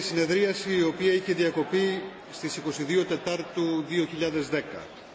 συνεδρίαση η οποία είχε διακοπεί στις 22 Τετάρτου 2010.